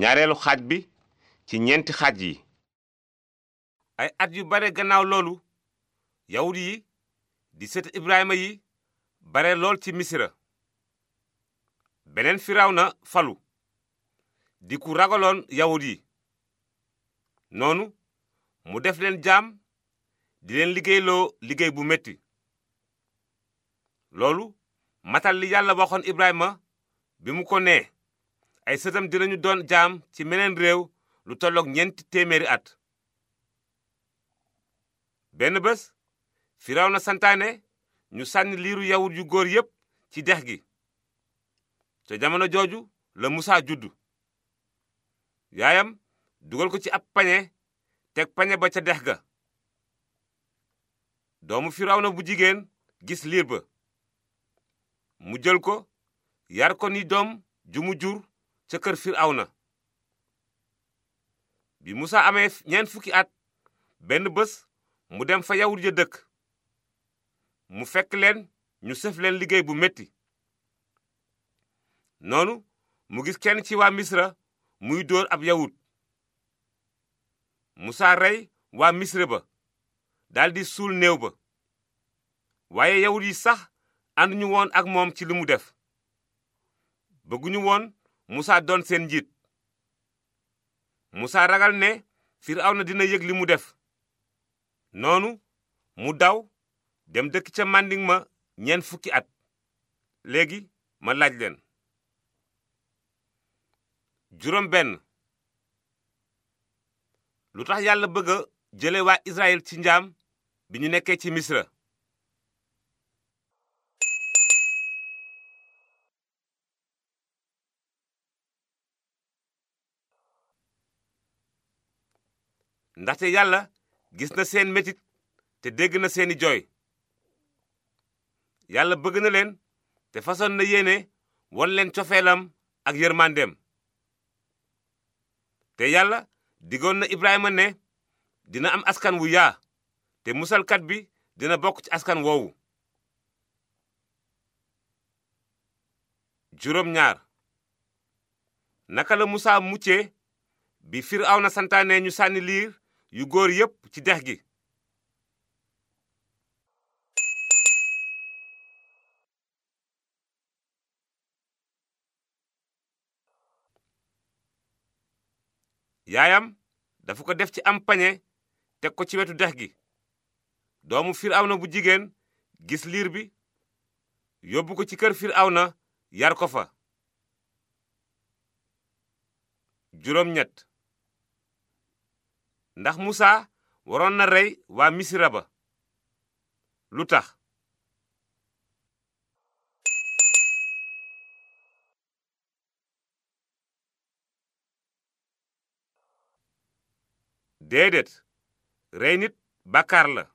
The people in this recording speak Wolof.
ñaareelu xaaj bi ci ñeenti xaaj yi ay at yu bare gannaaw loolu yawut yi di sët ibrahima yi bare lool ci misira beneen na falu di ku ragaloon yawut yi noonu mu def leen jaam di leen liggéeyloo liggéey bu metti loolu matal li yàlla waxoon ibrahima bi mu ko nee ay sëtam dinañu doon jaam ci meneen réew lu tolloog ñeenti téeméeri at benn bés firaw na santaane ñu sànni liiru yawut yu góor yépp ci dex gi te jamono jooju la musaa juddu yaayam dugal ko ci ab pañe teg pañe ba ca dex ga doomu firaw na bu jigéen gis liir ba mu jël ko yar ko ni doom ju mu jur ca kër Firawna bi Musa amee ñeent fukki at benn bés mu dem fa yawut ya dëkk mu fekk leen ñu sëf leen liggéey bu metti noonu mu gis kenn ci waa Misra muy dóor ab yawut Musa rey waa Misra ba daldi suul néew ba waaye yawut yi sax ànduñu woon ak moom ci li mu def bëgguñu woon musa doon seen njiit musa ragal ne na dina yëg li mu def noonu mu daw dem dëkk ca màndiŋ ma ñeent fukki at léegi ma laaj leen juróom benn lu tax yàlla bëgg a jële waa Israël ci njaam bi ñu nekkee ci misra ndaxte yàlla gis na seen metit te dégg na seeni jooy yàlla bëgg na leen te façon na yéene won leen cofeelam ak yërmandeem te yàlla digoon na Ibrahima ne dina am askan wu yaa te musalkat bi dina bokk ci askan woowu juróom naka la musaa muccee bi aw na santaane ñu sànni liir yu góor yépp ci dex gi yaayam dafa ko def ci am pañe teg ko ci wetu dex gi doomu na bu jigéen gis liir bi yóbbu ko ci kër aw na yar ko fa juróom ñett ndax musa waroon na rey waa misira ba lu tax déedéet rey nit bàkkaar la